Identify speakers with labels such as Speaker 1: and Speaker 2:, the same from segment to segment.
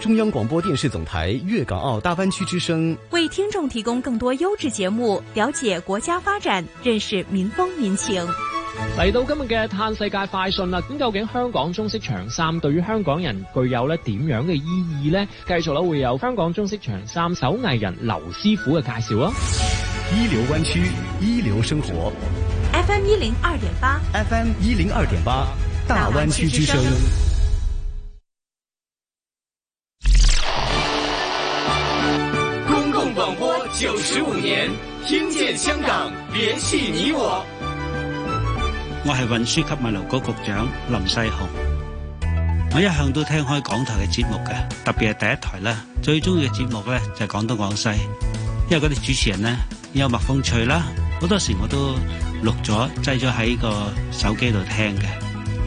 Speaker 1: 中央廣播電視總台粵港澳大灣區之聲
Speaker 2: 為聽眾提供更多優
Speaker 3: 質節目，了解國家發展，認識民風民情。
Speaker 1: 嚟到今日嘅嘆世界快訊啦！咁究竟香港中式長衫對於香港人具有呢點樣嘅意義呢？繼續啦，會有香港中式長衫手藝人劉師傅嘅介紹啊、哦！一流灣區，一流生活。
Speaker 2: FM 一零二點八，FM
Speaker 1: 一零二點八。大灣區之
Speaker 4: 聲，公共廣播九十五年，
Speaker 1: 聽見香港，聯繫你我。我係運輸及物流局局長林世雄，我一向都聽開港台嘅節目嘅，特別係第一台啦，最中意嘅節目咧就係廣東廣西，因為嗰啲主持人咧
Speaker 5: 幽默風趣啦，好多時我都錄咗，擠咗喺個手機度
Speaker 1: 聽嘅。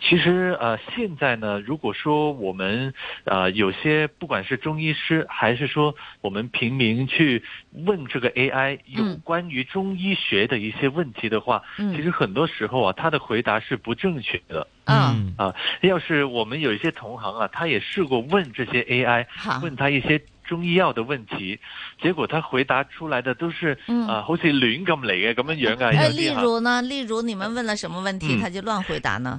Speaker 6: 其實呃，現在呢，如果說我們呃有些不管是中醫師，還是說我們平民去問這個 AI 有關於中醫學的一些問題的話，嗯、其實很多時候啊，他的回答是不正確的。嗯，啊，要是我們有一些同行啊，他也試過問這些 AI，好問他一些中醫藥的問題，結果他回答出來的都是、嗯、啊，好似亂咁嚟嘅咁樣樣啊。哎，例如呢？
Speaker 7: 例如你們問了什麼問題，嗯、他就亂回答呢？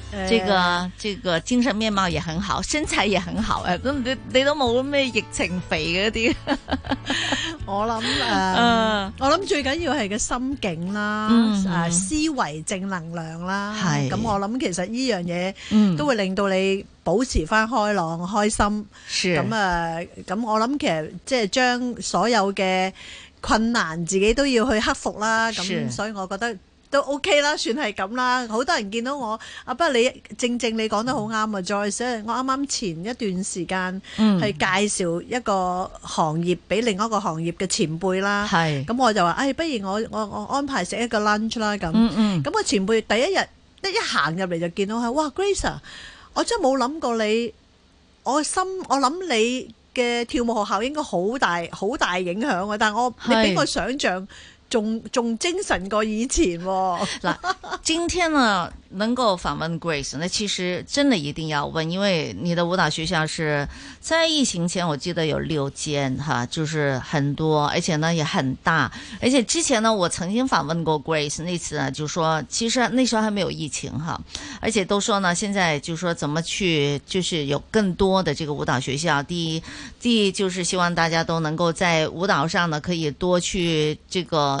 Speaker 7: 這個這個精神面貌也很好，身材也很好，都你你都冇咩疫情肥嗰啲。 我
Speaker 3: 諗、呃呃、我諗最緊要係個心境啦，誒、嗯啊、思維正能量啦，係咁是我諗其實呢樣嘢都會令到你保持返開朗是開心。咁啊是，咁、呃、我諗其實即係將所有嘅困難自己都要去克服啦。咁是所以我覺得。都 OK 啦，算係咁啦。好多人見到我，啊，不過你正正你講得好啱啊。再想我啱啱前一段時間去介紹一個行業俾另一個行業嘅前輩啦，咁、嗯嗯、我就話，誒，不如我我我安排食一個 lunch 啦。咁，咁、嗯嗯、前輩第一日一一行入嚟就見到佢，哇，Grace、啊、我真係冇諗過你，我心我諗你嘅跳舞學校應該好大好大影響啊。但我你俾我想像。仲仲精神過以前喎，哦！ 嗱，
Speaker 7: 今天呢能夠訪問 Grace，那其實真的，一定要問，因為你的舞蹈學校是在疫情前，我記得有六間哈，就是很多，而且呢也很大，而且之前呢我曾經訪問過 Grace，那次呢就說其實那時候還沒有疫情，哈，而且都說呢現在就說怎麼去就是有更多的這個舞蹈學校，第一，第一就是希望大家都能夠在舞蹈上呢可以多去這個。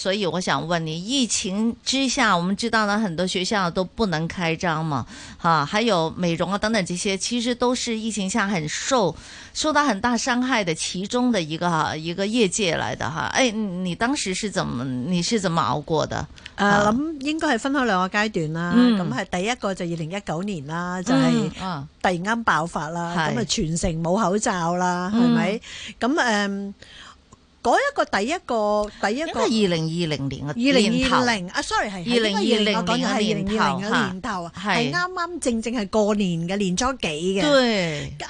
Speaker 7: 所以我想問你，疫情之下，我們知道呢，很多學校都不能開張嘛，哈、啊，還有美容啊等等這些，其實都是疫情下很受受到很大傷害的其中的一個一個業界來的哈。誒、啊哎，你當時是怎麼你是怎麼熬過的？誒、呃，諗、啊、應該係分開兩個階段啦，咁係、嗯、第一
Speaker 3: 個就二零一九年啦，嗯、就係突然間爆發啦，咁啊全城冇口罩啦，係咪？咁誒。嗰一個第一個第一個，第一
Speaker 7: 個應該二零二零年二零二零啊
Speaker 3: ，sorry 係二零二零二零年年頭啊，係啱啱正正係過年嘅年初幾嘅。啱啱對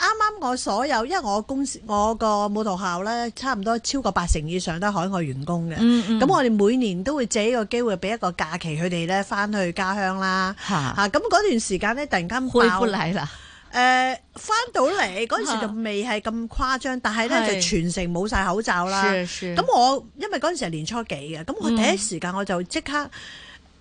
Speaker 3: 我所有，因為我公司我個舞蹈校咧，差唔多超過八成以上都係海外員工嘅。咁、嗯嗯、我哋每年都會借呢個機會俾一個假期佢哋咧，翻去家鄉啦。嚇咁嗰段時間咧，突然間爆嚟啦。誒翻到嚟嗰陣時就未係咁誇張，啊、但係咧是就全城冇晒口罩啦。咁我因為嗰陣時係年初幾嘅，咁我第一時間我就即刻、嗯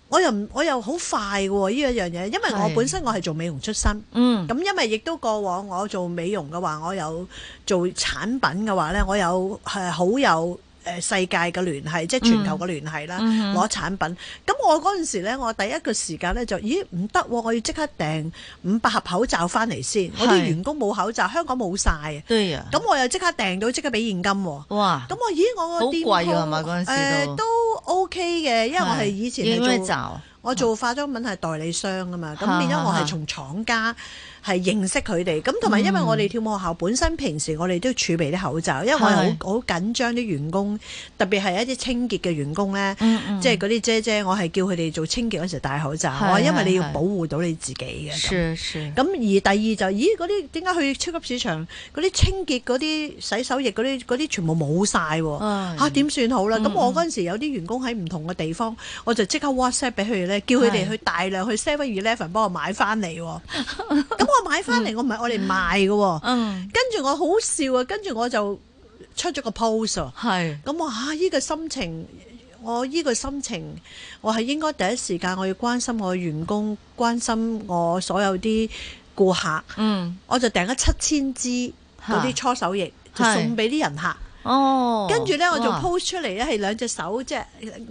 Speaker 3: 我，我又我又好快嘅呢一樣嘢，因為我本身我係做美容出身，咁、嗯、因為亦都過往我做美容嘅話，我有做產品嘅話咧，我有係好、呃、有。誒世界嘅聯繫，即係全球嘅聯繫啦。攞產品，咁我嗰陣時咧，我第一個時間咧就，咦唔得喎，我要即刻訂五百盒口罩翻嚟先。我啲員工冇口罩，香港冇晒。對啊。咁我又即刻訂到，即刻俾現金喎。哇！咁我咦我個啲好貴㗎嘛嗰陣時都。誒都 OK 嘅，因為我係以前係做我做化妝品係代理商啊嘛。咁變咗我係從廠家。係認識佢哋咁，同埋因為我哋跳舞學校本身平時我哋都要儲備啲口罩，嗯、因為我係好好緊張啲員工，特別係一啲清潔嘅員工咧，即係嗰啲姐姐，我係叫佢哋做清潔嗰時候戴口罩，的因為你要保護到你自己嘅。咁而第二就係，咦嗰啲點解去超級市場嗰啲清潔嗰啲洗手液嗰啲啲全部冇晒，喎的？嚇點算好啦？咁、嗯嗯、我嗰陣時有啲員工喺唔同嘅地方，我就即刻 WhatsApp 俾佢哋咧，叫佢哋去大量去 Seven Eleven 幫我買翻嚟。的 我買翻嚟，嗯、我唔係、嗯嗯、我嚟賣嘅，跟住我好笑啊！跟住我就出咗個 post，係咁我啊，依、呢個心情，我呢個心情，我係應該第一時間我要關心我嘅員工，關心我所有啲顧客，嗯，我就訂咗七千支嗰啲搓手液，是就送俾啲人客。哦，跟住咧，我就 post 出嚟咧，係兩隻手即係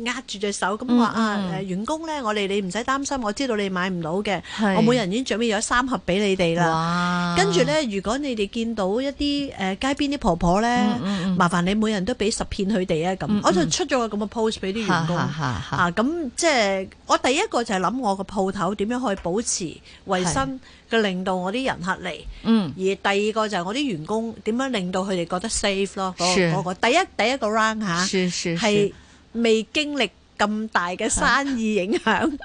Speaker 3: 壓住隻手，咁話啊，誒，員工咧，我哋你唔使擔心，我知道你買唔到嘅，我每人已經準備咗三盒俾你哋啦。跟住咧，如果你哋見到一啲誒街邊啲婆婆咧，麻煩你每人都俾十片佢哋啊，咁我就出咗個咁嘅 post 俾啲員工。咁即係我第一個就係諗我個鋪頭點樣可以保持衛生嘅，令到我啲人客嚟，而第二個就係我啲員工點樣令到佢哋覺得 safe 咯。第一第一個 round 哈，是,是，係是未經歷
Speaker 7: 咁大嘅生意影響。是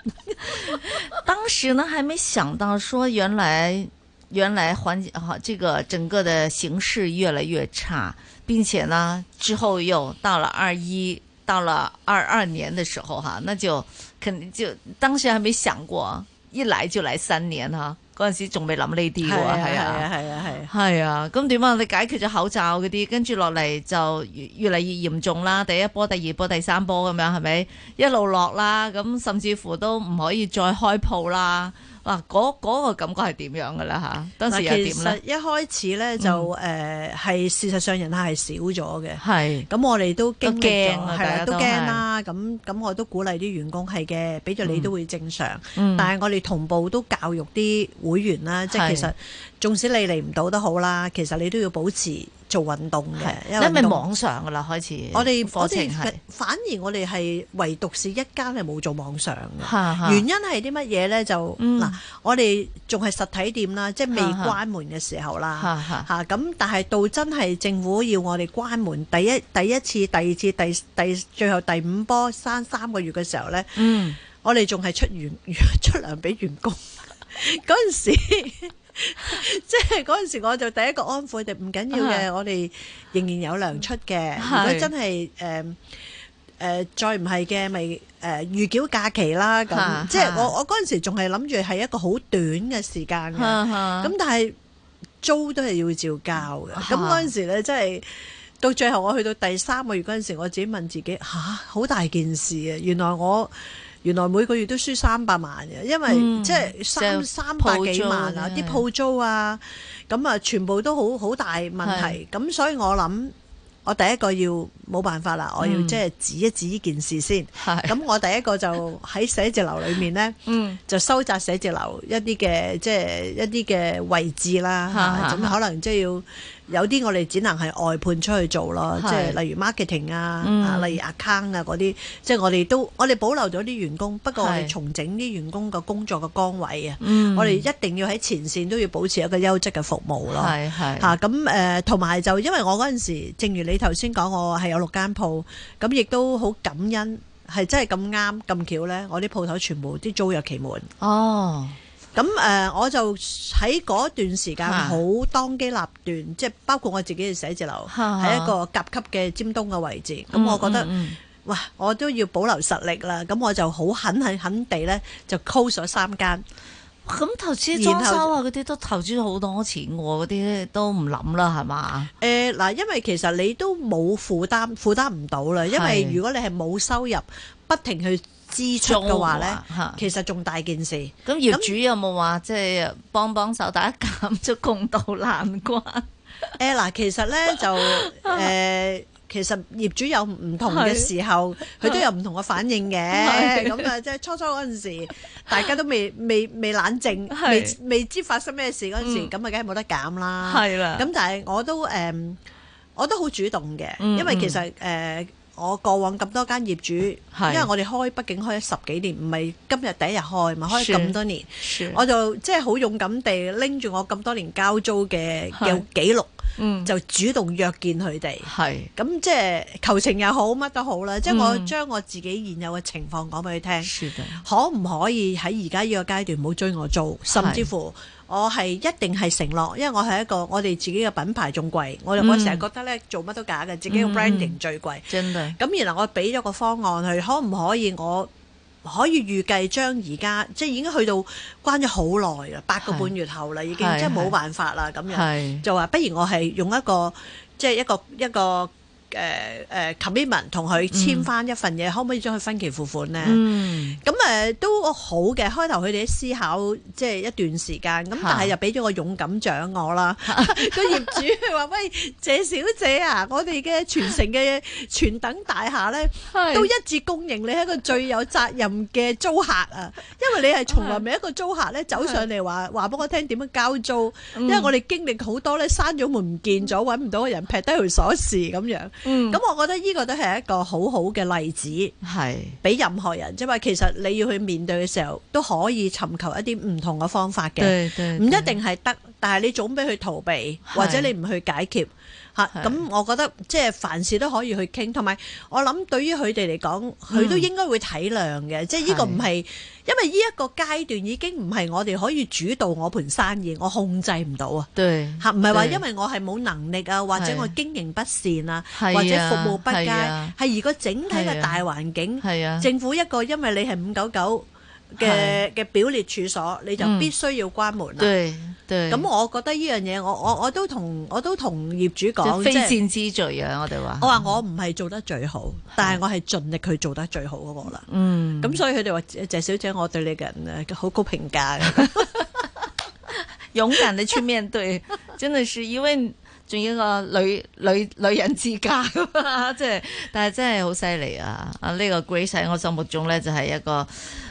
Speaker 7: 當時呢，還沒想到，說原來原來環境哈，這個整個的形勢越來越差。並且呢，之後又到了二一到了二二年的時候哈，那就肯定就當時還沒想過，一來就來三年哈。嗰陣時仲未諗呢啲喎，係啊係啊係啊係啊，咁點啊，啊，啊，啊？你解決咗口罩嗰啲，跟住落嚟就越嚟越嚴重啦，第一波、第二波、第三波咁樣係咪？一路落啦，咁甚至乎都唔可以再開鋪啦。嗱，嗰、啊嗰個感覺係點樣嘅啦？吓，當時又點咧？其實
Speaker 3: 一開始咧就誒，係、嗯呃、事實上人客係少咗嘅。係是，咁我哋都驚，係啦，啊、都驚啦。咁咁、啊，我都鼓勵啲員工係嘅，俾咗你都會正常。嗯、但係我哋同步都教育啲會員啦，嗯、即係其實，是縱使你嚟唔到都好啦，其實你都要保持。做運動嘅，是因為是是網上㗎喇開始程我。我哋火車反而我哋係唯獨是一間係冇做網上嘅，是是是原因係啲乜嘢呢？就嗱、嗯，我哋仲係實體店啦，即係未關門嘅時候啦，嚇咁。但係到真係政府要我哋關門，是是是第一第一次、第二次、第第最後第五波生三個月嘅時候呢，嗯，我哋仲係出員出糧俾員工嗰陣 時。 即係嗰陣時，我就第一個安撫佢哋，唔緊要嘅，uh huh. 我哋仍然有糧出嘅。Uh huh. 如果真係誒誒再唔係嘅，咪誒、呃、預繳假期啦。咁、uh huh. 即係我我嗰陣時仲係諗住係一個好短嘅時間嘅，咁、uh huh. 但係租都係要照交嘅。咁嗰陣時咧，真係到最後我去到第三個月嗰陣時，我自己問自己吓，好、啊、大件事啊！原來我。原來每個月都輸三百萬嘅，因為、嗯、即係三三百幾萬啊，啲鋪租，的租啊，咁啊全部都好好大問題，咁的所以我諗我第一個要冇辦法啦，我要即係指一指呢件事先。咁的我第一個就喺寫字樓裏面呢， 就收窄寫字樓一啲嘅即係一啲嘅位置啦，咁的的可能即係要。有啲我哋只能係外判出去做咯，即係是例如 marketing 啊，嚇、嗯，例如 account 啊嗰啲，即係我哋都我哋保留咗啲員工，不過我哋重整啲員工嘅工作嘅崗位啊，嗯、我哋一定要喺前線都要保持一個優質嘅服務咯，嚇，咁誒，同埋、啊呃、就因為我嗰陣時，正如你頭先講，我係有六間鋪，咁亦都好感恩，係真係咁啱咁巧咧，我啲鋪頭全部啲租約期滿。哦。咁誒，我就喺嗰段時間好當機立斷，啊、即係包括我自己嘅寫字樓，喺、啊、一個甲級嘅尖東嘅位置。咁、啊、我覺得，嗯嗯嗯哇！我都要保留實力啦。咁我就好狠狠地咧，就 close 咗三間。咁
Speaker 7: 投資裝修後後啊，嗰啲都投資咗好多錢喎。嗰啲都唔諗啦，係嘛？誒嗱，因為其
Speaker 3: 實你都冇負擔，負擔唔到啦。是因為如果
Speaker 7: 你係冇收入，不停去，支出嘅話咧，其實仲大件事。咁業主有冇話，即係幫幫手，大家減咗共度難關？誒嗱，其實
Speaker 3: 咧就誒，其實業主有唔同嘅時候，佢都有唔同嘅反應嘅。咁啊，即係初初嗰陣時，大家都未未未冷靜，未未知發生咩事嗰陣時，咁啊，梗係冇得減啦。係啦，咁但係我都誒，我都好主動嘅，因為其實誒。我過往咁多間業主，因為我哋開，畢竟開咗十幾年，唔係今日第一日開，開，開咗咁多年，我就即係好勇敢地拎住我咁多年交租嘅嘅記嗯，就主動約見佢哋，咁、嗯、即係求情又好，乜都好啦。嗯、即係我將我自己現有嘅情況講俾佢聽，的可唔可以喺而家呢個階段唔好追我做，甚至乎我係一定係承諾，因為我係一個我哋自己嘅品牌仲貴，我就成日覺得咧、嗯、做乜都假嘅，自己嘅 branding 最貴，嗯、真嘅。咁然後我俾咗個方案佢，可唔可以我？可以預計將而家即係已經去到關咗好耐啦，八個半月後啦，是已經即係冇辦法啦咁是樣，是就話不如我係用一個即係一個一個。一個誒誒、uh, uh,，Commitment 同佢簽翻一份嘢，嗯、可唔可以將佢分期付款咧？咁誒、嗯呃、都好嘅。開頭佢哋思考，即係一段時間。咁但係又俾咗個勇敢獎我啦。個、啊、 業主話：喂，謝小姐啊，我哋嘅全城嘅全等大廈咧，是都一致公認你係一個最有責任嘅租客啊。因為你係從來未一個租客咧是走上嚟話話俾我聽點樣交租，嗯、因為我哋經歷好多咧，閂咗門唔見咗，揾唔到個人，劈低條鎖匙咁樣。嗯，咁我覺得呢個都係一個好好嘅例子是，係俾任何人，即係話其實你要去面對嘅時候，都可以尋求一啲唔同嘅方法嘅，唔一定係得，但係你總比去逃避是或者你唔去解決。嚇！咁我覺得即係凡事都可以去傾，同埋我諗對於佢哋嚟講，佢都應該會體諒嘅。嗯、即係呢個唔係，是因為呢一個階段已經唔係我哋可以主導我盤生意，我控制唔到啊。唔係話因為我係冇能力啊，對或者我經營不善啊，對或者服務不佳，係而個整體嘅大環境。啊。政府一個因為你係五九九嘅嘅表列處所，對你就必須要關門啦。咁對我覺得呢樣嘢，我我我都同我都同業主講，非戰之罪啊！我哋話，嗯、我話我唔係做得最好，但係我係盡力去做得最好嗰個啦。的嗯，咁所以佢哋話謝小姐，我對你嘅人好高評價。
Speaker 7: 勇敢去面對， 真的是因為。仲要個女女女人之家嘛，即係，但係真係好犀利啊！啊，呢個 Grace 喺我心目中咧，就係、是、一個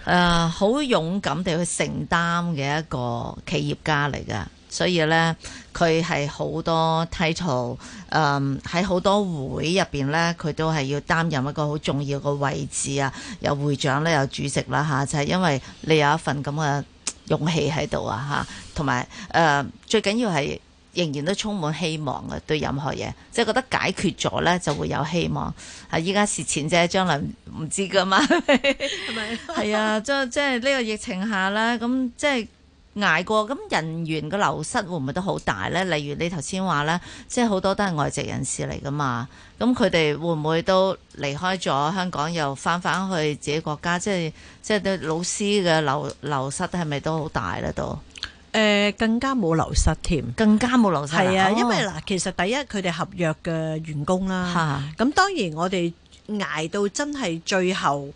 Speaker 7: 誒好、呃、勇敢地去承擔嘅一個企業家嚟噶。所以咧，佢係好多 title 誒喺好多會入邊咧，佢都係要擔任一個好重要嘅位置啊！有會長咧，有主席啦吓、啊，就係、是、因為你有一份咁嘅勇氣喺度啊吓，同埋誒最緊要係。仍然都充滿希望嘅，對任何嘢，即係覺得解決咗呢就會有希望。係依家蝕錢啫，將來唔知噶嘛，係咪？ 係啊，即係即係呢個疫情下呢，咁即係捱過，咁人員嘅流失會唔會都好大呢？例如你頭先話呢，即係好多都係外籍人士嚟噶嘛，咁佢哋會唔會都離開咗香港，又翻返去自己國家？即係即係啲老師嘅流流失係咪都好大咧？都？
Speaker 3: 誒更加冇流失添，更加冇流失係啊！哦、因為嗱，
Speaker 7: 其實第一佢哋
Speaker 3: 合約嘅員工啦，咁是、啊、當然我哋捱到真係最後，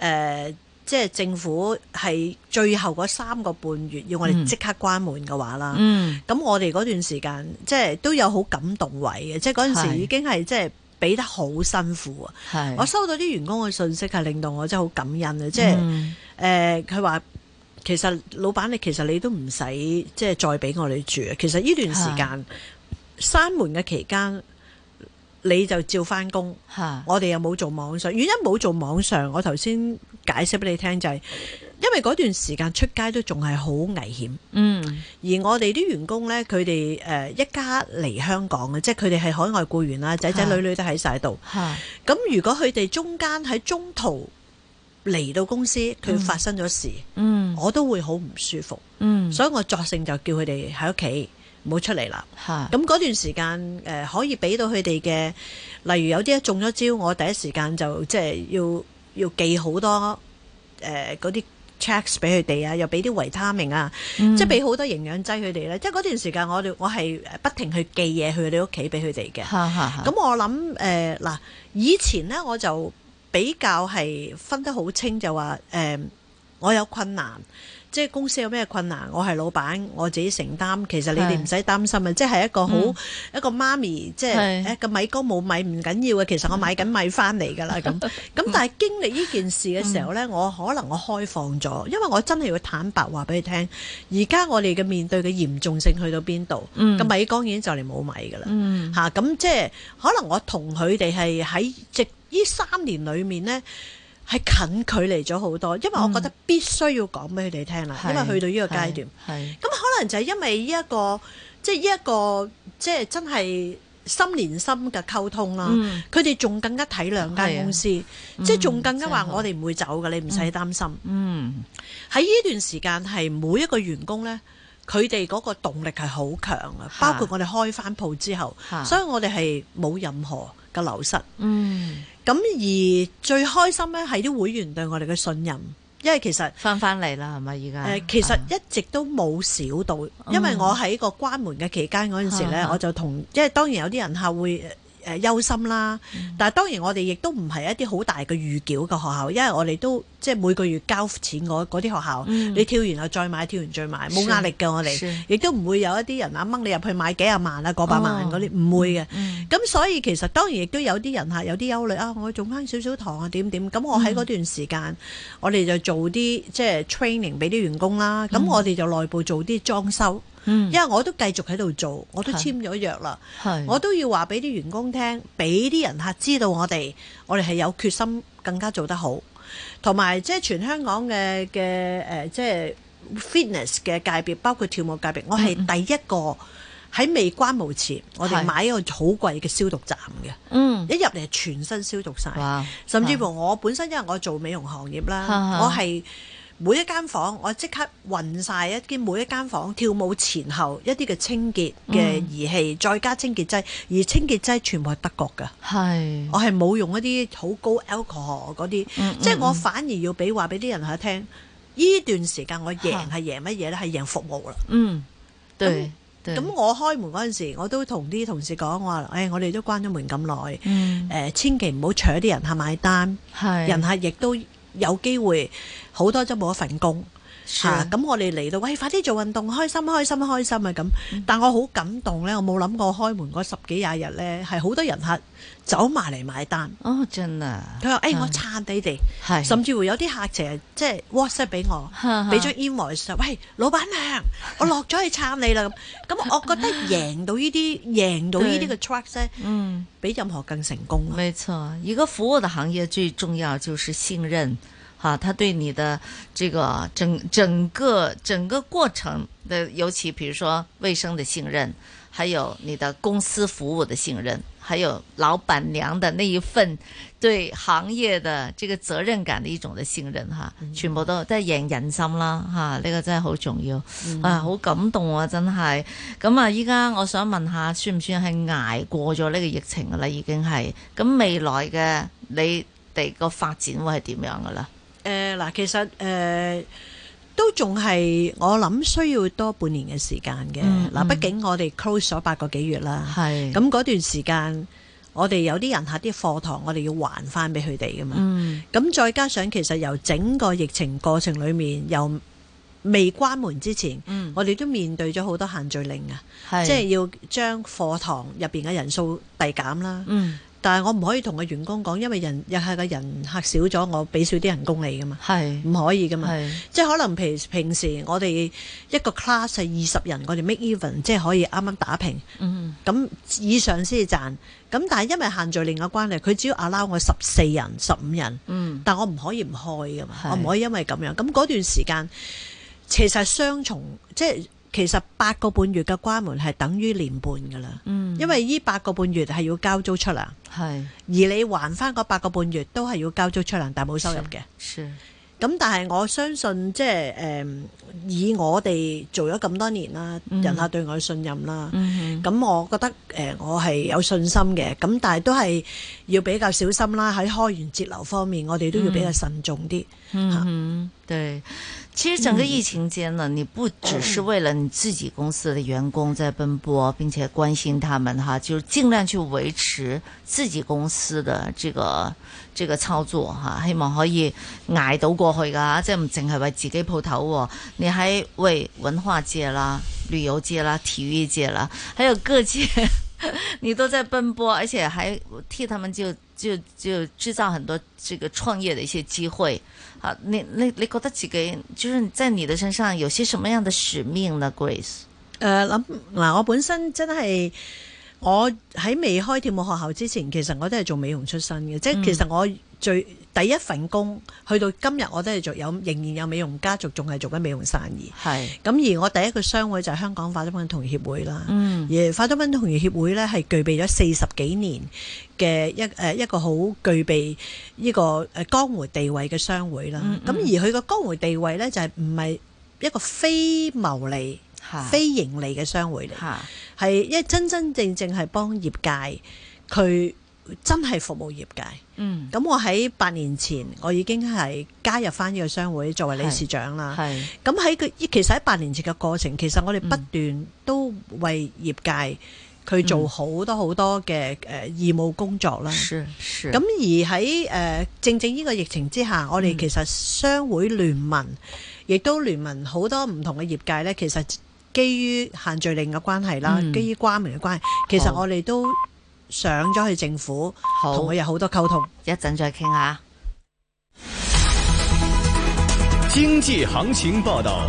Speaker 3: 誒即係政府係最後嗰三個半月要我哋即刻關門嘅話啦，咁、嗯、我哋嗰段時間即係都有好感動位嘅，即係嗰陣時已經係即係俾得好辛苦是啊！我收到啲員工嘅信息係令到我真係好感恩是啊即！即係誒佢話。其實老闆你其實你都唔使即係再俾我哋住啊！其實呢段時間閂門嘅期間，你就照返工。我哋又冇做網上，原因冇做網上。我頭先解釋俾你聽就係，因為嗰段時間出街都仲係好危險。嗯，而我哋啲員工咧，佢哋誒一家嚟香港嘅，即係佢哋係海外僱員啦，仔仔女女都喺晒度。係，咁如果佢哋中間喺中途。嚟到公司佢發生咗事，嗯、我都會好唔舒服，嗯、所以我作性就叫佢哋喺屋企唔好出嚟啦。咁嗰是段時間誒、呃，可以俾到佢哋嘅，例如有啲中咗招，我第一時間就即係要要寄好多誒嗰、呃、啲 checks 俾佢哋啊，又俾啲維他命啊，嗯、即係俾好多營養劑佢哋咧。即係嗰段時間我，我我係不停去寄嘢去佢哋屋企俾佢哋嘅。咁我諗誒嗱，以前咧我就比較係分得好清，就話誒、嗯，我有困難。即係公司有咩困難，我係老闆，我自己承擔。其實你哋唔使擔心啊！是即係一個好、嗯、一個媽咪，即是、哎、沒沒係誒個米缸冇米唔緊要嘅。其實我買緊米翻嚟㗎啦。咁咁、嗯，但係經歷呢件事嘅時候咧，嗯、我可能我開放咗，因為我真係要坦白話俾你聽。而家我哋嘅面對嘅嚴重性去到邊度？個、嗯、米缸已經就嚟冇米㗎啦。嚇、嗯！咁、啊、即係可能我同佢哋係喺直呢三年裡面咧。係近距離咗好多，因為我覺得必須要講俾佢哋聽啦，因為去到呢個階段，咁可能就係因為呢一個，即係呢一個，即係真係心連心嘅溝通啦。佢哋仲更加體諒間公司，即係仲更加話我哋唔會走嘅，你唔使擔心。嗯，喺呢段時間係每一個員工咧，佢哋嗰個動力係好強啊，包括我哋開返鋪之後，所以我哋係冇任何流失，嗯，咁而最開心咧係啲會員對我哋嘅信任，因為其實翻翻嚟啦，係咪而家？誒、呃，其實一直都冇少到，因為我喺個關門嘅期間嗰陣時咧，我就同，即係當然有啲人客會。誒憂心啦，但係當然我哋亦都唔係一啲好大嘅預繳嘅學校，因為我哋都即係每個月交錢。嗰啲學校，嗯、你跳完又再買，跳完再買，冇壓力㗎。我哋亦都唔會有一啲人啊掹你入去買幾廿萬啊過百萬嗰、啊、啲，唔、哦、會嘅。咁、嗯嗯、所以其實當然亦都有啲人客有啲憂慮啊，我做翻少少堂啊點點，咁我喺嗰段時間，嗯、我哋就做啲即係 training 俾啲員工啦。咁、嗯、我哋就內部做啲裝修。嗯、因為我都繼續喺度做，我都簽咗約啦，我都要話俾啲員工聽，俾啲人客知道我哋，我哋係有決心更加做得好，同埋即係全香港嘅嘅誒，即係、呃就是、fitness 嘅界別，包括跳舞界別，我係第一個喺、嗯、未關門前，我哋買一個好貴嘅消毒站嘅，是一入嚟係全身消毒晒，哇甚至乎我本身因為我做美容行業啦，是是我係。每一間房，我即刻運曬一啲每一間房跳舞前後一啲嘅清潔嘅儀器，再加清潔劑，而清潔劑全部係德國嘅。係，我係冇用一啲好高 alcohol 嗰啲，即係我反而要俾話俾啲人客聽，呢段時間我贏係贏乜嘢咧？係贏服務啦。嗯，對，咁我開門嗰陣時，我都同啲同事講，我話，誒，我哋都關咗門咁耐，誒，千祈唔好搶啲人客買單，係，人客亦都。有機會，好多都冇一份工。咁、啊啊、我哋嚟到，喂，快啲做運動，開心，開心，開心啊！咁，但我好感動咧，我冇諗過開門嗰十幾廿日咧，係好多人客走埋嚟買單。哦，真啊！佢話：誒、欸，我撐你哋，嗯、甚至乎有啲客成日即係 WhatsApp 俾我，俾咗 email，就喂老闆娘，嗯、我落咗去撐你啦咁。咁我覺得贏到呢啲，贏 到呢啲嘅 trust，
Speaker 7: 嗯，比任何更成功、嗯。沒錯，一個服務的行業最重要就是信任。哈，他對你的這個整整個整個過程的，尤其譬如說衛生的信任，還有你的公司服務的信任，還有老闆娘的那一份對行業的這個責任感的一種的信任，哈、嗯，全部都真係贏人心啦，哈，呢個真係好重要，嗯、啊，好感動啊，真係。咁啊，依家我想問下，算唔算係挨過咗呢個疫情噶啦？已經係，咁未來嘅你哋個發展會係點樣噶啦？
Speaker 3: 嗱、呃，其實、呃、都仲係我諗需要多半年嘅時間嘅。嗱、嗯，嗯、畢竟我哋 close 咗八個幾月啦，係咁嗰段時間，我哋有啲人下啲課堂，我哋要還翻俾佢哋噶嘛。咁、嗯、再加上其實由整個疫情過程裏面，由未關門之前，嗯、我哋都面對咗好多限聚令啊，是即係要將課堂入邊嘅人數遞減啦。嗯但係我唔可以同個員工講，因為人日下個人客少咗，我俾少啲人工你噶嘛，係唔是可以噶嘛。是即係可能譬如平時我哋一個 class 係二十人，我哋 make even 即係可以啱啱打平。咁、嗯、以上先至賺。咁但係因為限聚令嘅關係，佢只要 allow 我十四人、十五人，嗯、但我唔可以唔開噶嘛。是我唔可以因為咁樣。咁嗰段時間其實係雙重即係。其實八個半月嘅關門係等於年半噶啦，嗯、因為呢八個半月係要交租出糧，是而你還返嗰八個半月都係要交租出糧，但冇收入嘅。咁但係我相信即係誒、嗯、以我哋做咗咁多年啦，人客對我嘅信任啦，咁、mm hmm. 嗯、我覺得誒、呃、我係有信心嘅。咁但係都係要比較小心啦，喺開源節流方面，我哋都要比較
Speaker 7: 慎重啲。
Speaker 3: 嗯、mm，hmm. 啊、對，其實整個疫
Speaker 7: 情間呢，mm hmm. 你不只是為了你自己公司的員工在奔波，mm hmm. 並且關心他們哈，就盡量去維持自己公司的這個呢這個操作吓，希望可以捱到過去㗎，即係唔淨係為自己鋪頭。你係為文化界啦、旅遊界啦、體育界啦，還有各界，你都在奔波，而且還替他們就就就製造很多這個創業的一些機會，好，你你你覺得自己就是在你的身上有些什麼樣的使命呢？Grace，誒，諗嗱，我本身真係。我喺未
Speaker 3: 開跳舞學校之前，其實我都係做美容出身嘅，即係、嗯、其實我最第一份工，去到今日我都係做有，仍然有美容家族，仲係做緊美容生意。係咁是而我第一個商會就係香港化妝品同協會化妝品同業協會啦。而化妝品同業協會咧係、嗯、具備咗四十幾年嘅一誒一個好具備呢個誒江湖地位嘅商會啦。咁而佢個江湖地位咧、嗯嗯、就係唔係一個非牟利。非盈利嘅商會嚟，係一真真正正係幫業界，佢真係服務業界。嗯，咁我喺八年前我已經係加入返呢個商會作為理事長啦。係，咁喺佢，其實喺八年前嘅過程，其實我哋不斷都為業界、嗯、去做好多好多嘅誒義務工作啦。咁、嗯、而喺誒、呃、正正呢個疫情之下，嗯、我哋其實商會聯盟，亦都聯盟好多唔同嘅業界呢。其實。基於限聚令嘅關係啦，基於關門嘅關係，嗯、其實我哋都上咗去政府，同佢好有好多溝通，一陣再傾下。
Speaker 1: 經濟行情報道。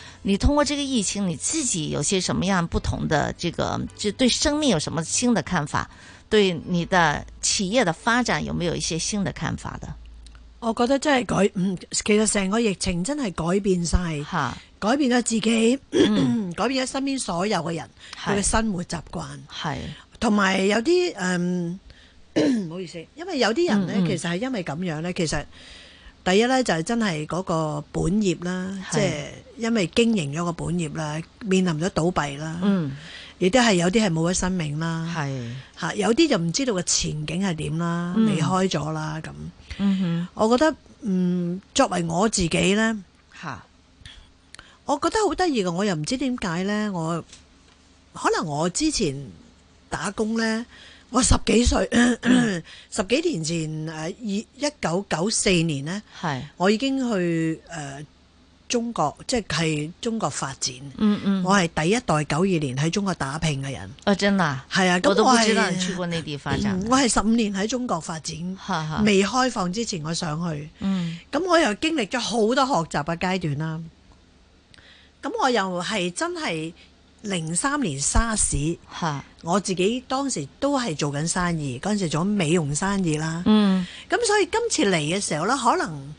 Speaker 7: 你通過這個疫情，你自己有些什麼樣不同的這個，就對生命有什麼新的看法？對你的企業的發展有沒有一些新的看法的？我覺得真係改，嗯，其實成個疫情真係改變晒，
Speaker 3: 改變咗自己，改變咗身邊所有嘅人佢嘅是生活習慣，係是，同埋有啲誒，嗯，唔好意思，因為有啲人呢，嗯、其實係因為咁樣呢，嗯、其實。第一咧就係真係嗰個本業啦，即係是因為經營咗個本業啦，面臨咗倒閉啦，亦都係有啲係冇咗生命啦，嚇是有啲就唔知道個前景係點啦，嗯、離開咗啦咁。我覺得嗯，哼嗯作為我自己咧嚇，是我覺得好得意嘅，我又唔知點解咧，我可能我之前打工咧。我十幾歲， 十幾年前誒，二一九九四年咧，是我已經去誒、呃、中國，即係中國發展。嗯嗯，我係第一代九二年喺中國打拼嘅人。哦、真的啊，真啊，係啊，咁我係去過
Speaker 7: 呢啲發展。
Speaker 3: 我係十五年喺中國發展，的未開放之前我上去。
Speaker 7: 嗯，
Speaker 3: 咁我又經歷咗好多學習嘅階段啦。咁我又係真係。零三年沙士，我自己當時都係做緊生意，嗰陣時做美容生意啦。咁、嗯、所以今次嚟嘅時候咧，可能，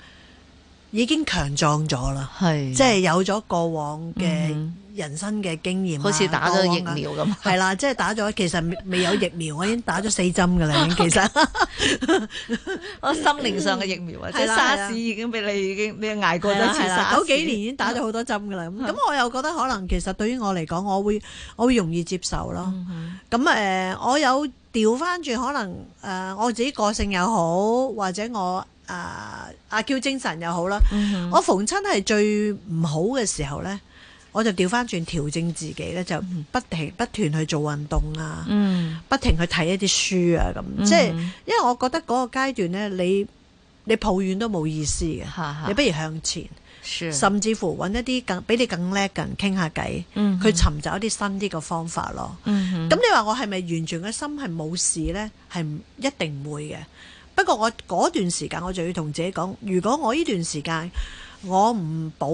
Speaker 3: 已經強壯咗啦，即係有咗過往嘅人生嘅經驗，好似打咗疫苗咁。係啦，即係打咗，其實未有疫苗，我已經打咗四針㗎喇。其實我心靈上嘅疫苗，或者係沙士已經俾你已經你捱過咗次啦。九幾年已經打咗好多針㗎喇。咁我又覺得可能其實對於我嚟講，我會我會容易接受咯。咁誒，我有調返轉，可能誒我自己個性又好，或者我。啊啊！阿 Q 精神又好啦，mm hmm. 我逢親係最唔好嘅時候呢，我就調翻轉，調整自己咧，就不停不斷去做運動啊，mm hmm. 不停去睇一啲書啊，咁即係，mm hmm. 因為我覺得嗰個階段呢，你你抱怨都冇意思嘅， 你不如向前， 甚至乎揾一啲更比你更叻嘅人傾下偈，去、mm hmm. 尋找一啲新啲嘅方法咯。
Speaker 4: 咁、mm hmm.
Speaker 3: 你話我係咪完全嘅心係冇事咧？係一定唔會嘅。不過我嗰段，段時間，我就要同自己講：如果我呢段時間我唔保，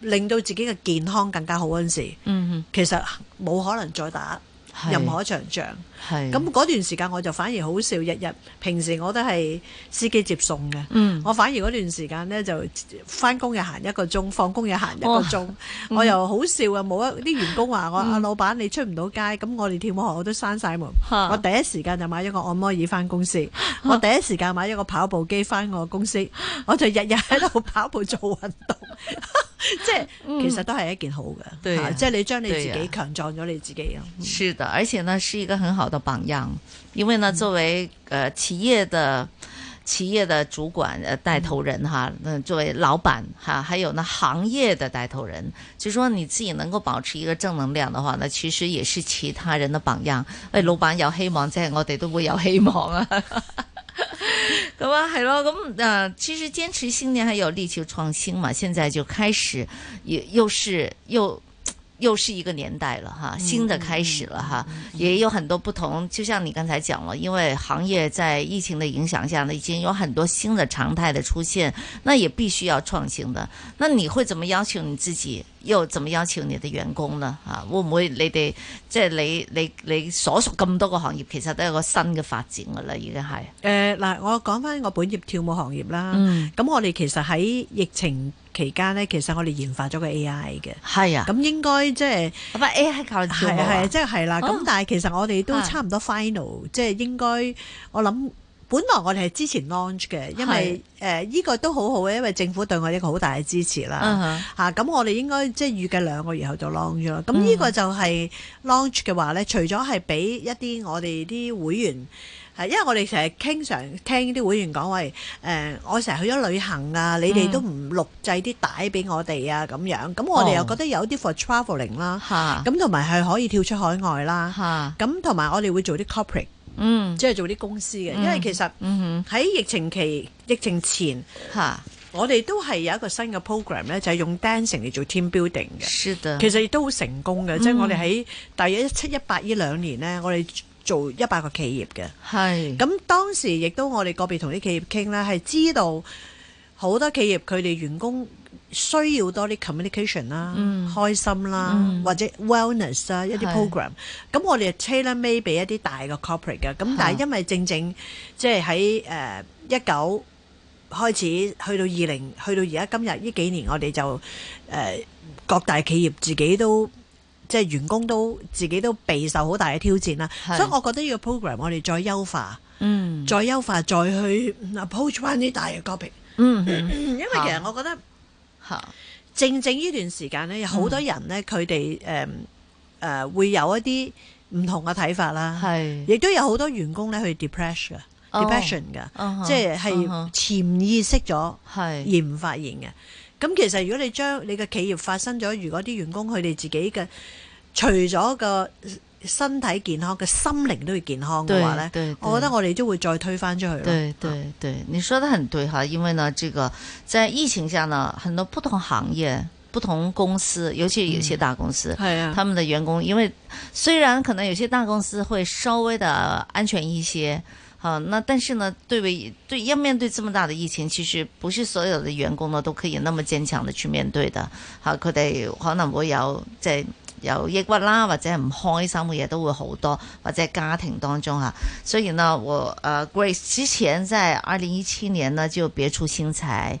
Speaker 3: 令到自己嘅健康更加好嗰陣時，其實冇可能再打任何場仗，咁嗰段時間我就反而好笑，日日平時我都係司機接送嘅，嗯、我反而嗰段時間呢就翻工又行一個鐘，放工又行一個鐘，嗯、我又好笑啊！冇一啲員工話我啊，嗯、老闆你出唔到街，咁我哋跳舞行我都閂晒門，啊、我第一時間就買一個按摩椅翻公司，啊、我第一時間買一個跑步機翻我公司，啊、我就日日喺度跑步做運動。 即係 其實都係一件好嘅，即係、嗯啊就是、你將你自己強壯咗你自己啊。嗯、
Speaker 7: 是的，而且呢是一個很好的榜樣，因為呢作為誒、呃、企業的。企業的主管呃，帶頭人哈，啊，那作為老闆哈，還有那行業的帶頭人，就說你自己能夠保持一個正能量的話，那其實也是其他人的榜樣。哎，呃，老闆有希望，即係我哋都會有希望啊。咁 啊 都吧，係咯，咁啊，其實堅持信念還有力求創新嘛。現在就開始，又是又是又。又是一個年代了哈，新的開始了哈，嗯、也有很多不同。就像你剛才講了，因為行業在疫情的影響下呢，已經有很多新的常態的出現，那也必須要創新的。那你會怎麼要求你自己？又怎麼要求你的員工呢？啊，會唔會你哋即係你你你所屬咁多個行業，其實都有個新嘅發展噶啦，已經係。誒，嗱，我講翻我
Speaker 3: 本業跳舞行業啦。嗯。咁我哋其實喺疫情。期間咧，其實我哋研發咗個 AI 嘅，係啊，咁應該即係，唔、就、係、是、AI 教練即係係啦。咁、就是哦、但係其實我哋都差唔多 final，即係應該我諗，本來我哋係之前 launch 嘅，的因為誒依、呃這個都很好好嘅，因為政府對我哋一個好大嘅支持啦。嚇咁、嗯哼啊、我哋應該即係、就是、預計兩個月後就 launch 咗。咁呢、嗯、哼個就係 launch 嘅話咧，除咗係俾一啲我哋啲會員。因為我哋成日經常聽啲會員講話，誒、呃，我成日去咗旅行啊，嗯、你哋都唔錄製啲帶俾我哋啊，咁樣。咁我哋又覺得有啲 for traveling 啦，咁同埋係可以跳出海外啦。咁同埋我哋會做啲 corporate 即係做啲公司嘅。嗯、因為其實喺疫情期、嗯、疫情前，啊、我哋都係有一個新嘅 program 咧，就係用 dancing 嚟做 team building 嘅。其實亦都好成功嘅，即係、嗯、我哋喺大約一七一八呢兩年呢。我哋。做一百個企業嘅，係咁是當時亦都我哋個別同啲企業傾啦，係知道好多企業佢哋員工需要多啲 communication 啦、嗯，開心啦，嗯、或者 wellness 啦一啲 program 是。咁我哋就 tailor-made 一啲大嘅 corporate 嘅。咁是但係因為正正即係喺誒一九開始去到二零去到而家今日呢幾年，我哋就各大企業自己都。即係員工都自己都備受好大嘅挑戰啦，是所以我覺得呢個 program 我哋再優化，嗯，再優化，再去 approach 翻啲大嘅 topic，嗯，因為其實我覺得，嚇、啊，正正呢段時間咧，有好多人咧，佢哋誒誒會有一啲唔同嘅睇法啦，係是，亦都有好多員工咧去 depression，depression 㗎，即係係潛意識咗，係、uh huh, 而唔發現嘅。咁其實如果你將你嘅企業發生咗，如果啲員工佢哋自己嘅除咗個身體健康嘅心靈都要健康嘅話咧，對對對，我覺得
Speaker 7: 我哋都會再推返出去咯。對對對，你說得很對哈，因為呢，這個在疫情下呢，很多不同行業、不同公司，尤其有些大公司，係啊、嗯，他們的員工，啊、因為雖然可能有些大公司會稍微的安全一些。嗯，那但是呢，對為，為對要面對這麼大的疫情，其實不是所有的員工呢都可以那麼堅強的去面對的，好、啊，可能會有即有抑鬱啦，或者唔開心嘅嘢都會好多，或者家庭當中吓、啊，所以呢，我呃、啊、Grace 之前在二零一七年呢就別出心裁。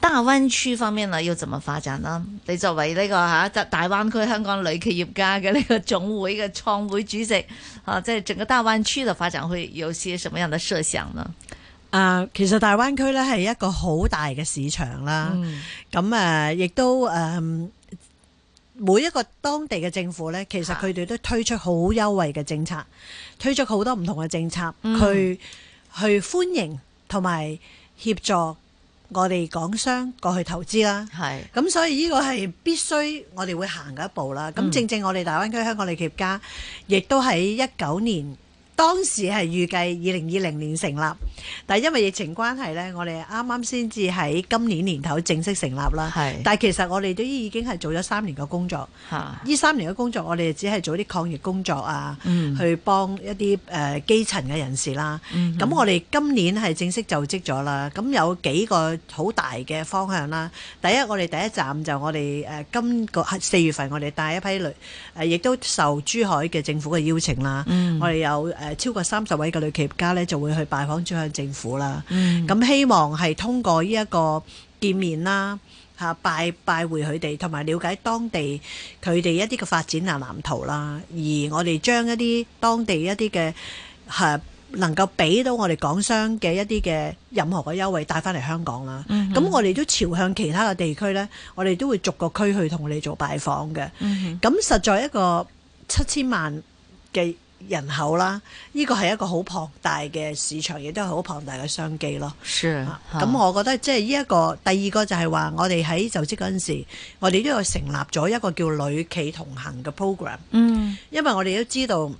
Speaker 7: 大灣區方面呢，要怎麼發展呢？你作為呢、這個吓、啊，大灣區香港女企業家嘅呢個總會嘅創會主席，啊，即係整個大灣區嘅發展會有些什麼樣嘅設想呢？
Speaker 3: 啊，其實大灣區咧係一個好大嘅市場啦，咁、嗯、啊，亦都誒、啊，每一個當地嘅政府咧，其實佢哋都推出好優惠嘅政策，推出好多唔同嘅政策，嗯、去去歡迎同埋協助。我哋港商過去投資啦，咁是所以呢個係必須我哋會行嘅一步啦。咁正正我哋大灣區香港嘅企業家亦都喺一九年。當時係預計二零二零年成立，但係因為疫情關係呢，我哋啱啱先至喺今年年頭正式成立啦。係，但係其實我哋都已經係做咗三年嘅工作。嚇，呢三年嘅工作，我哋只係做啲抗疫工作啊，去幫一啲誒基層嘅人士啦。咁我哋今年係正式就職咗啦。咁有幾個好大嘅方向啦。第一，我哋第一站就我哋誒今個四月份，我哋帶一批嚟誒，亦都受珠海嘅政府嘅邀請啦。我哋有誒。超過三十位嘅女企業家咧，就會去拜訪朝向政府啦。咁希望係通過呢一個見面啦，嚇拜拜會佢哋，同埋了解當地佢哋一啲嘅發展啊、藍圖啦。而我哋將一啲當地一啲嘅嚇能夠俾到我哋港商嘅一啲嘅任何嘅優惠帶翻嚟香港啦。咁我哋都朝向其他嘅地區咧，我哋都會逐個區去同你做拜訪嘅。咁實在一個七千萬嘅。人口啦，呢個係一個好龐大嘅市場，亦都係好龐大嘅商機咯。咁、啊、我覺得即係呢一個第二個就係話、嗯，我哋喺就職嗰陣時，我哋都有成立咗一個叫女企同行嘅 program。嗯，因為我哋都知道，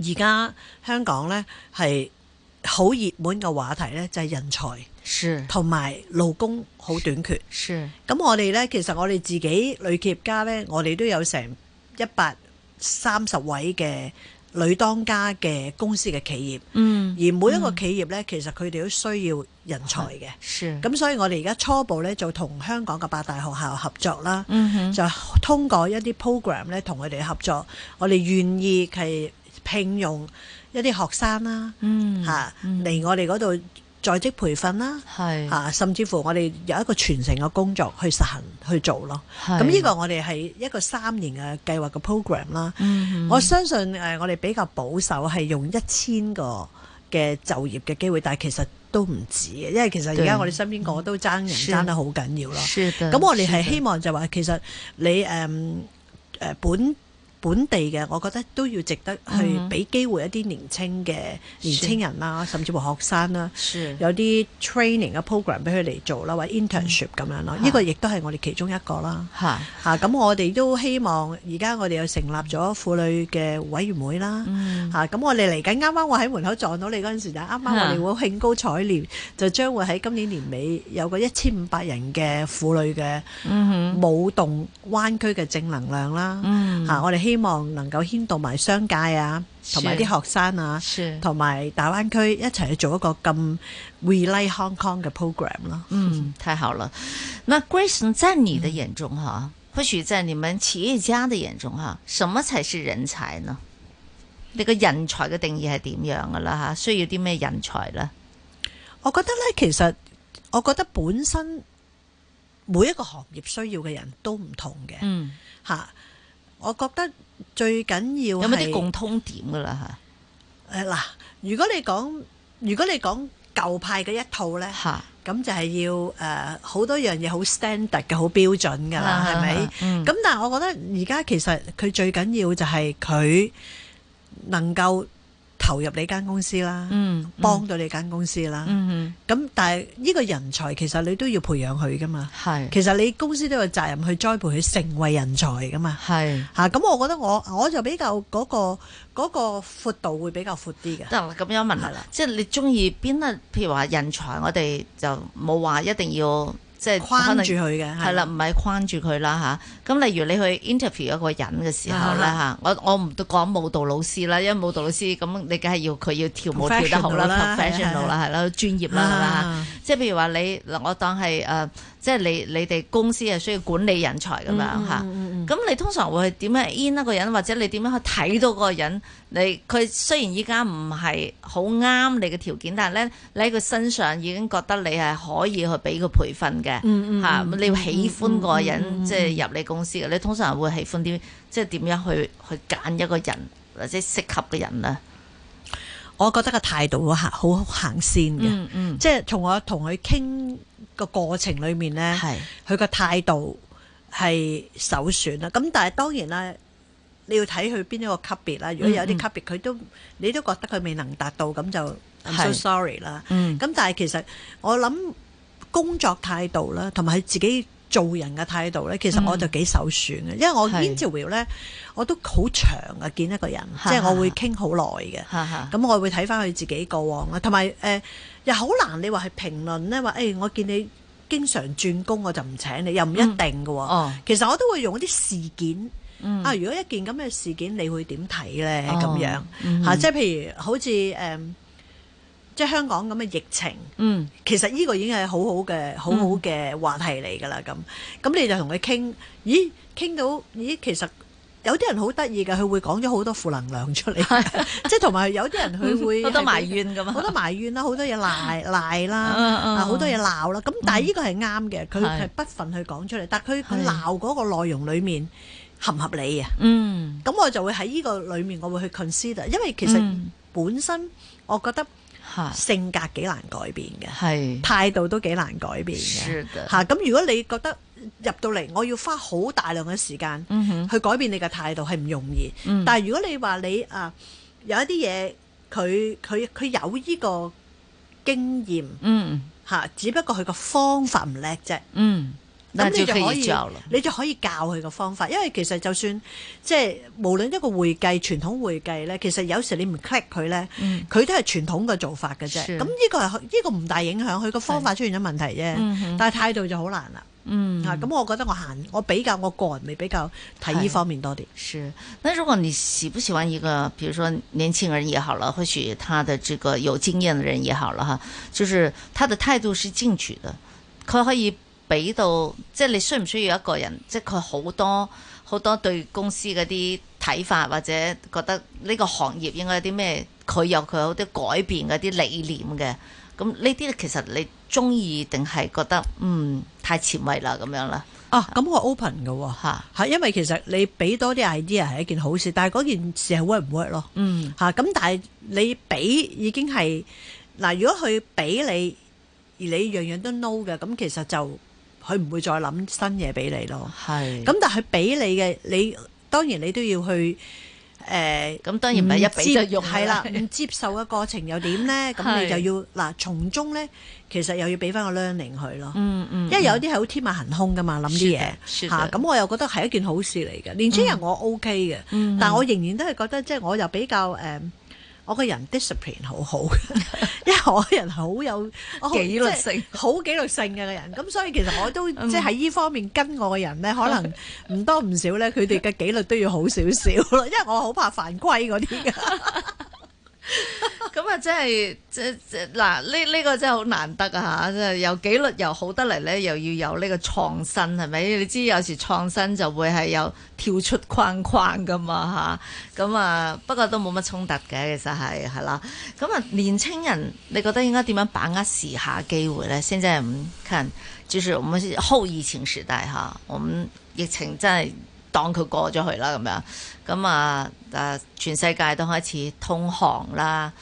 Speaker 3: 而家香港呢係好熱門嘅話題呢就係、是、人才，同埋是勞工好短缺，咁我哋呢，其實我哋自己女企業家呢，我哋都有成一百三十位嘅。女當家嘅公司嘅企業，嗯、而每一個企業咧，嗯、其實佢哋都需要人才嘅。咁所以我哋而家初步咧就同香港嘅八大學校合作啦，嗯、哼就通過一啲 program 咧同佢哋合作，我哋願意係聘用一啲學生啦，嚟、嗯、我哋嗰度。在職培訓啦，是啊，甚至乎我哋有一個全程嘅工作去實行去做咯。咁呢、啊、個我哋係一個三年嘅計劃嘅 program 啦。嗯嗯、我相信誒、呃，我哋比較保守係用一千個嘅就業嘅機會，但係其實都唔止嘅，因為其實而家我哋身邊個個都爭人爭得好緊要咯。咁我哋係希望就話，其實你誒誒、嗯呃、本。本地嘅，我覺得都要值得去俾機會一啲年青嘅年青人啦，mm hmm. 是甚至乎學生啦，是有啲 training 嘅 program 俾佢嚟做啦，或者 internship 咁、mm hmm. 樣咯。呢、這個亦都係我哋其中一個啦。吓、mm，咁、hmm. 啊、我哋都希望而家我哋又成立咗婦女嘅委員會啦。吓、啊，咁我哋嚟緊啱啱我喺門口撞到你陣時就啱啱我哋會興高采烈就將會喺今年年尾有個一千五百人嘅婦女嘅舞動灣區嘅正能量啦。吓、啊 mm hmm. 啊，我哋。希望能夠牽動埋商界啊，同埋啲學生啊，同埋大灣區一齊去做一個咁
Speaker 7: relive Hong Kong 嘅 program 啦、啊。嗯，太好了。那 Grayson 在你的眼中哈，嗯、或許在你們企業家的眼中哈，什麼才是人才呢？你個人才嘅定義係點樣噶啦？吓，需要啲咩人才呢？我覺得呢，其實我覺得本身每一個行
Speaker 3: 業需要嘅人都唔同嘅。嗯，吓。我覺得最緊要是有啲共通
Speaker 7: 點噶啦吓。
Speaker 3: 誒嗱、呃，如果你講如果你講舊派嘅一套咧，咁哈就係要誒好、呃、多樣嘢好 standard 嘅，好標準噶啦，係咪？咁但係我覺得而家其實佢最緊要就係佢能夠。投入你間公司啦，嗯嗯、幫到你間公司啦。咁、嗯、哼但係呢個人才其實你都要培養佢噶嘛。是其實你公司都有責任去栽培佢成為人才噶嘛。係嚇是，咁、啊、我覺得我我就比較嗰個嗰個闊度會比較闊啲嘅。得啦，咁
Speaker 7: 樣問啦，是即係你中意邊粒？譬如話人才，我哋就冇話一定要。即係框住佢嘅，係啦，唔係框住佢啦吓，咁例如你去 interview 一個人嘅時候咧吓，我我唔講舞蹈老師啦，因為舞蹈老師咁你梗係要佢要跳舞跳得好啦，professional 啦，係啦，專業啦咁啊。即係譬如話你，我當係誒。即係你你哋公司係需要管理人才咁樣吓，咁、嗯嗯嗯、你通常會點樣 in 一個人，或者你點樣去睇到嗰個人？你佢雖然依家唔係好啱你嘅條件，但係咧你喺佢身上已經覺得你係可以去俾佢培訓嘅吓。你會喜歡嗰個人即係、嗯嗯嗯、入你公司嘅，你通常會喜歡啲即係點樣去去揀一個人或者適合嘅人呢？
Speaker 3: 我覺得個態度好行好行先嘅，嗯嗯、即係從我同佢傾個過程裏面咧，佢個態度係首選啦。咁但係當然啦，你要睇佢邊一個級別啦。如果有啲級別佢、嗯、都你都覺得佢未能達到，咁就 I'm 是 so sorry 啦。咁、嗯、但係其實我諗工作態度啦，同埋佢自己。做人嘅態度咧，其實我就幾首選嘅，嗯、因為我 interview 咧是我都好長嘅，見一個人，哈哈即係我會傾好耐嘅。咁哈我會睇翻佢自己的過往啊，同埋誒又好難。你話係評論咧，話誒、哎、我見你經常轉工，我就唔請你，又唔一定嘅。嗯哦、其實我都會用一啲事件、嗯、啊，如果一件咁嘅事件，你會點睇咧？咁樣嚇、哦嗯啊，即係譬如好似誒。嗯即係香港咁嘅疫情，其實呢個已經係好好嘅、好好嘅話題嚟㗎啦。咁咁你就同佢傾，咦？傾到咦？其實有啲人好得意㗎，佢會講咗好多負能量出嚟，即係同埋有啲人佢會好多埋怨咁啊，好多埋怨啦，好多嘢賴賴啦，好多嘢鬧啦。咁但係呢個係啱嘅，佢係不忿去講出嚟，但係佢鬧嗰個內容裡面合唔合理啊？嗯，咁我就會喺呢個裡面，我會去 consider，因為其實本身我覺得。性格幾難改變嘅，是態度都幾難改變嘅。嚇的！咁如果你覺得入到嚟，我要花好大量嘅時間去改變你嘅態度，係唔、嗯、哼容易。嗯、但係如果你話你啊，有一啲嘢，佢佢佢有呢個經驗，嗯嚇，只不過佢個方法唔叻啫，嗯。
Speaker 4: 咁你就可以，
Speaker 3: 你就可以教佢個方法，因為其實就算即係無論一個會計傳統會計咧，其實有時你唔 click 佢咧，佢、嗯、都係傳統嘅做法嘅啫。咁呢是個係呢、呢個唔大影響，佢個方法出現咗問題啫。嗯、但係態度就好難啦。嗯咁、嗯嗯、我覺得我行，我比較我個人，咪比較睇呢方面多啲。是。
Speaker 7: 那如果你喜不喜歡一個，譬如說年輕人也好了，或許他的這個有經驗的人也好了哈，就是他的態度是進取的，佢可以。俾到即係你需唔需要一個人？即係佢好多好多對公司嗰啲睇法，或者覺得呢個行業應該有啲咩？佢有佢有啲改變嗰啲理念嘅。咁呢啲其實你中意定係覺得嗯太前衛啦咁樣啦？哦、啊，咁我是 open 嘅嚇，係是因為其實你俾多啲 idea 係一件好事，但係嗰件事
Speaker 3: 係 work 唔 work 咯？嗯，嚇咁、啊、但係你俾已經係嗱，如果佢俾你而你樣樣都 no 嘅，咁其實就。佢唔會再諗新嘢俾你咯，係是。咁但係佢俾你嘅，你當然你都要去誒，咁、呃、當然唔係一俾就用係啦，唔的 接受嘅過程又點咧？咁是你就要嗱，從中咧，其實又要俾翻個 learning 佢咯、嗯。嗯嗯，因為有啲係好天馬行空噶嘛，諗啲嘢吓。咁的的我又覺得係一件好事嚟嘅。年輕人我 OK 嘅，嗯、但係我仍然都係覺得即係、就是、我又比較誒。呃我個人 discipline 好好，因為我個人好有紀律性，好紀律性嘅人，咁所以其實我都、嗯、即係喺呢方面跟我嘅人咧，可能唔多唔少咧，佢哋嘅紀律都要好少少咯，因為我好怕犯
Speaker 7: 規嗰啲㗎。 啊、真係，即即嗱，呢呢、呢個真係好難得啊！吓，即係又紀律又好得嚟咧，又要有呢個創新，係咪？你知有時創新就會係有跳出框框噶嘛吓。咁啊，不過都冇乜衝突嘅，其實係係啦。咁啊，年青人，你覺得應該點樣把握時下機會咧？現在我們看，就是我們後疫情時代吓、啊，我們疫情真係當佢過咗去啦，咁樣咁啊，誒，全世界都開始通航啦。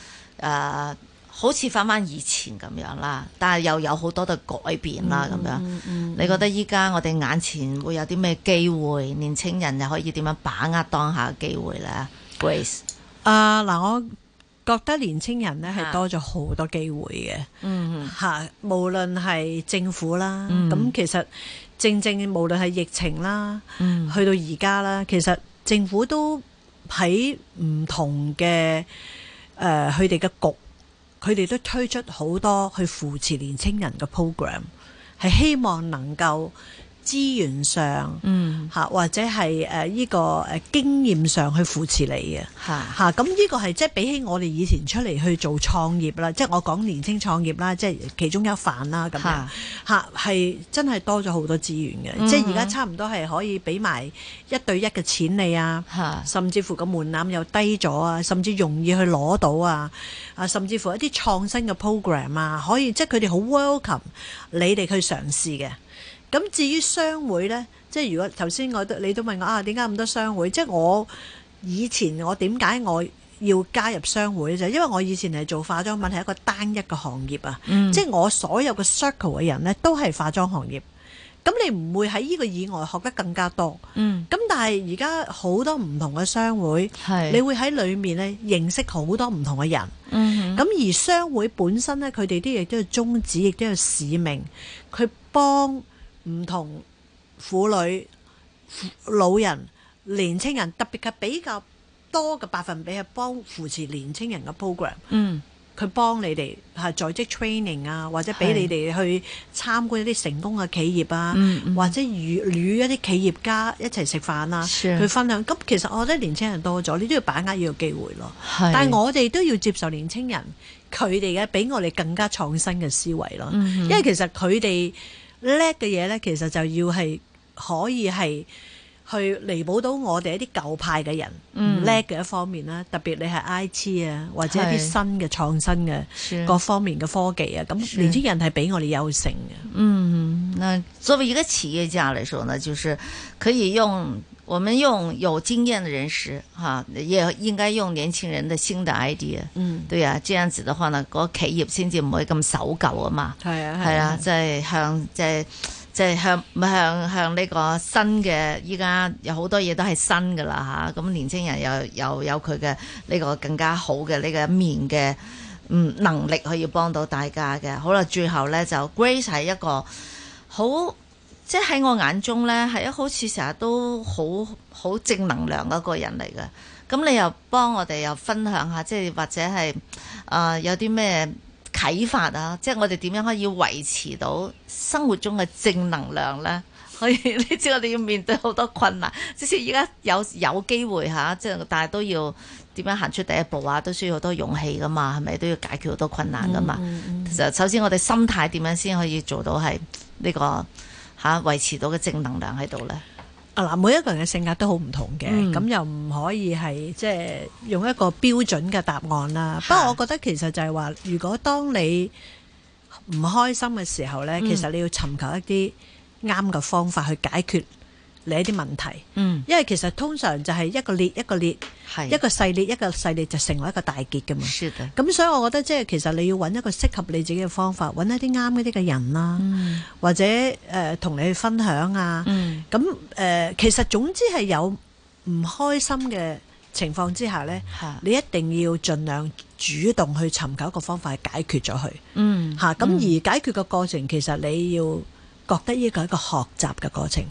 Speaker 7: 誒，uh, 好似翻翻以前咁樣啦，但係又有好多嘅改變啦咁樣。嗯嗯嗯、你覺得依家我哋眼前會有啲咩機會？年輕人又可以點樣把握當下嘅機會呢？Grace，誒嗱，uh, 我覺得年輕人呢係多咗好多機會嘅。
Speaker 3: 啊、嗯，嚇，無論係政府啦，咁其實正正無論係疫情啦，嗯、去到而家啦，其實政府都喺唔同嘅。誒，佢哋嘅局，佢哋都推出好多去扶持年青人嘅 program，係希望能夠。資源上，嗯嚇，或者係誒依個誒經驗上去扶持你嘅，嚇嚇、嗯，咁呢、啊、個係即係比起我哋以前出嚟去做創業啦，即係我講年青創業啦，即係其中一範啦咁樣嚇，係、嗯啊、真係多咗好多資源嘅，嗯、哼即係而家差唔多係可以俾埋一對一嘅錢你啊，甚至乎個門檻又低咗啊，甚至容易去攞到啊，啊，甚至乎一啲創新嘅 program 啊，可以即係佢哋好 welcome 你哋去嘗試嘅。咁至於商會呢，即係如果頭先我都你都問我啊，點解咁多商會？即係我以前我點解我要加入商會咧？就因為我以前係做化妝品係一個單一嘅行業啊，嗯、即係我所有嘅 circle 嘅人呢都係化妝行業。咁你唔會喺呢個以外學得更加多。嗯。咁但係而家好多唔同嘅商會，是你會喺裡面咧認識好多唔同嘅人。嗯哼。咁而商會本身呢，佢哋啲嘢都有宗旨，亦都有使命，佢幫唔同婦女、老人、年青人，特別係比較多嘅百分比係幫扶持年青人嘅 program。嗯，佢幫你哋係在職 training 啊，或者俾你哋去參觀一啲成功嘅企業啊，是或者與與一啲企業家一齊食飯啊。是去分享。咁其實我覺得年青人多咗，你都要把握呢個機會咯。是但係我哋都要接受年青人佢哋嘅，俾我哋更加創新嘅思維咯。嗯、哼因為其實佢哋。叻嘅嘢咧，其實就要係可以係去彌補到我哋一啲舊派嘅人唔叻嘅一方面啦。特別你係 IT 啊，或者一啲新嘅創新嘅各方面嘅科技
Speaker 7: 啊，咁年輕人係比我哋優勝嘅。嗯，那作為而家企業家嚟講呢，就是可以用。我們用有經驗的人士，哈、啊，也應該用年輕人的新的 idea。嗯，對啊，這樣子的話呢，我、那個、企業先至唔會咁守舊啊嘛。係啊，係啊，即係向即係即係向向向呢個新嘅，依家有好多嘢都係新噶啦吓。咁、啊、年輕人又又有佢嘅呢個更加好嘅呢個面嘅嗯能力可以幫到大家嘅。好啦，最後咧就 Grace 係一個好。即喺我眼中咧，係好似成日都好好正能量嗰個人嚟嘅。咁你又幫我哋又分享下，即係或者係啊、呃，有啲咩啟發啊？即係我哋點樣可以維持到生活中嘅正能量咧？可以，你知我哋要面對好多困難。即使而家有有機會吓、啊，即係但係都要點樣行出第一步啊？都需要好多勇氣噶嘛，係咪都要解決好多困難噶嘛？嗯嗯、其實首先我哋心態點樣先可以做到係呢個？嚇、啊、維持到嘅正能量喺度咧啊嗱，每一個人嘅性格都好唔同嘅，咁
Speaker 3: 又唔可以係即係用一個標準嘅答案啦。是不過我覺得其實就係話，如果當你唔開心嘅時候咧，嗯、其實你要尋求一啲啱嘅方法去解決。你一啲問題，嗯，因為其實通常就係一個裂一個裂，係一個細裂一個細裂，就成為一個大結嘅嘛，是的。咁所以，我覺得即係其實你要揾一個適合你自己嘅方法，揾一啲啱嗰啲嘅人啦，或者誒同你去分享啊。咁誒，其實總之係有唔開心嘅情況之下咧，你一定要盡量主動去尋求一個方法去解決咗佢，
Speaker 4: 嗯，嚇咁而
Speaker 3: 解決嘅過程其實你要覺得呢個係一個學習嘅過程。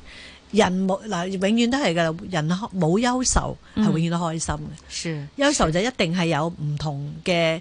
Speaker 3: 人冇嗱，永遠都係㗎，人冇憂愁，係永遠都開心嘅。憂、嗯、愁就一定係有唔同嘅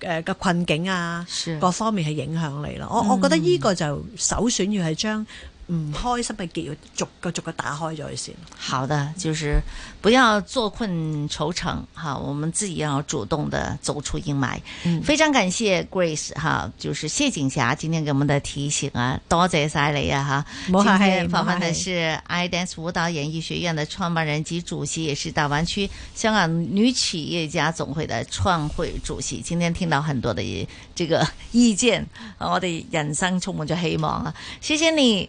Speaker 3: 誒嘅困境啊，各方面係影響你咯。嗯、我我覺得呢個就首選要係將。唔開心的結要
Speaker 7: 逐個逐個打開咗去先。好的，就是不要坐困愁城，哈、嗯，我們自己要主動的走出陰霾。嗯，非常感謝 Grace，哈，就是謝景霞，今天給我們的提醒啊，多謝晒你啊，哈事。冇客氣，訪問的是 I Dance 舞蹈演藝學院的創辦人及主席，也是大灣區香港女企業家總會的創會主席。今天聽到很多的這個意見，我哋人生充滿着希望啊！嗯、謝謝你。